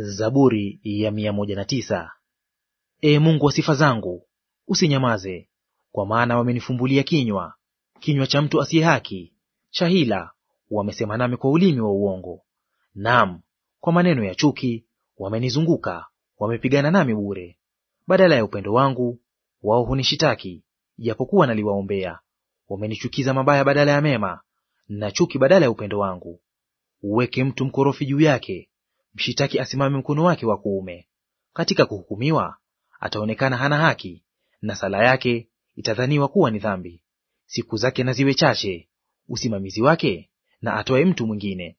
Zaburi ya mia moja na tisa. Ee Mungu wa sifa zangu, usinyamaze, kwa maana wamenifumbulia kinywa, kinywa cha mtu asiye haki, cha hila; wamesema nami kwa ulimi wa uongo. Naam, kwa maneno ya chuki wamenizunguka, wamepigana nami bure. Badala ya upendo wangu, wao hunishitaki, japokuwa naliwaombea. Wamenichukiza mabaya badala ya mema, na chuki badala ya upendo wangu. Uweke mtu mkorofi juu yake mshitaki asimame mkono wake wa kuume. Katika kuhukumiwa ataonekana hana haki, na sala yake itadhaniwa kuwa ni dhambi. Siku zake na ziwe chache, usimamizi wake na atoe mtu mwingine.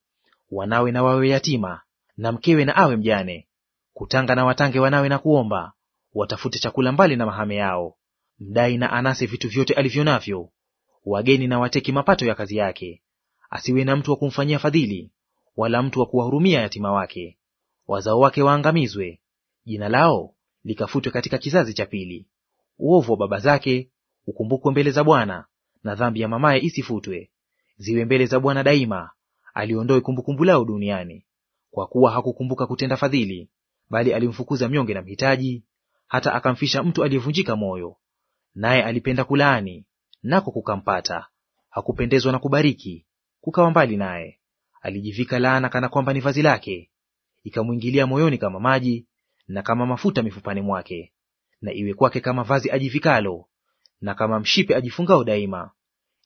Wanawe na wawe yatima, na mkewe na awe mjane. Kutanga na watange wanawe na kuomba, watafute chakula mbali na mahame yao. Mdai na anase vitu vyote alivyo navyo, wageni na wateki mapato ya kazi yake. Asiwe na mtu wa kumfanyia fadhili, wala mtu wa kuwahurumia yatima wake. Wazao wake waangamizwe, jina lao likafutwe katika kizazi cha pili. Uovu wa baba zake ukumbukwe mbele za Bwana, na dhambi ya mamaye isifutwe. Ziwe mbele za Bwana daima, aliondoe kumbukumbu lao duniani. Kwa kuwa hakukumbuka kutenda fadhili, bali alimfukuza mnyonge na mhitaji, hata akamfisha mtu aliyevunjika moyo. Naye alipenda kulaani, nako kukampata; hakupendezwa na kubariki, kukawa mbali naye alijivika laana kana kwamba ni vazi lake, ikamwingilia moyoni kama maji na kama mafuta mifupani mwake. Na iwe kwake kama vazi ajivikalo na kama mshipe ajifungao daima.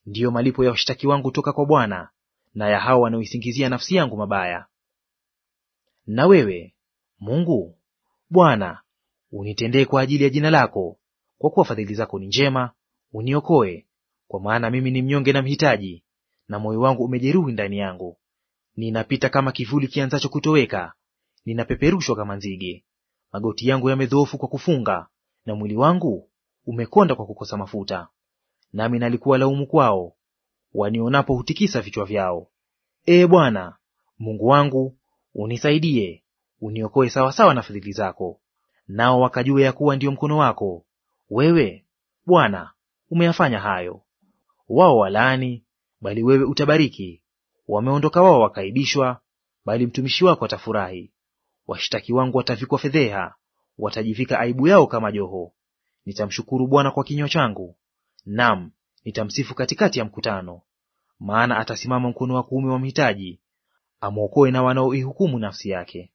Ndiyo malipo ya washtaki wangu toka kwa Bwana, na ya hao wanaoisingizia nafsi yangu mabaya. Na wewe Mungu Bwana, unitendee kwa ajili ya jina lako, kwa kuwa fadhili zako ni njema, uniokoe, kwa maana mimi ni mnyonge na mhitaji, na moyo wangu umejeruhi ndani yangu. Ninapita kama kivuli kianzacho kutoweka, ninapeperushwa kama nzige. Magoti yangu yamedhoofu kwa kufunga, na mwili wangu umekonda kwa kukosa mafuta. Nami nalikuwa laumu kwao, wanionapo hutikisa vichwa vyao. Ee Bwana Mungu wangu, unisaidie, uniokoe sawasawa na fadhili zako. Nao wakajua ya kuwa ndiyo mkono wako wewe, Bwana, umeyafanya hayo. Wao walaani, bali wewe utabariki Wameondoka wao wakaibishwa, bali mtumishi wako atafurahi. Washtaki wangu watavikwa fedheha, watajivika aibu yao kama joho. Nitamshukuru Bwana kwa kinywa changu, nam nitamsifu katikati ya mkutano. Maana atasimama mkono wa kuume wa mhitaji, amwokoe na wanaoihukumu nafsi yake.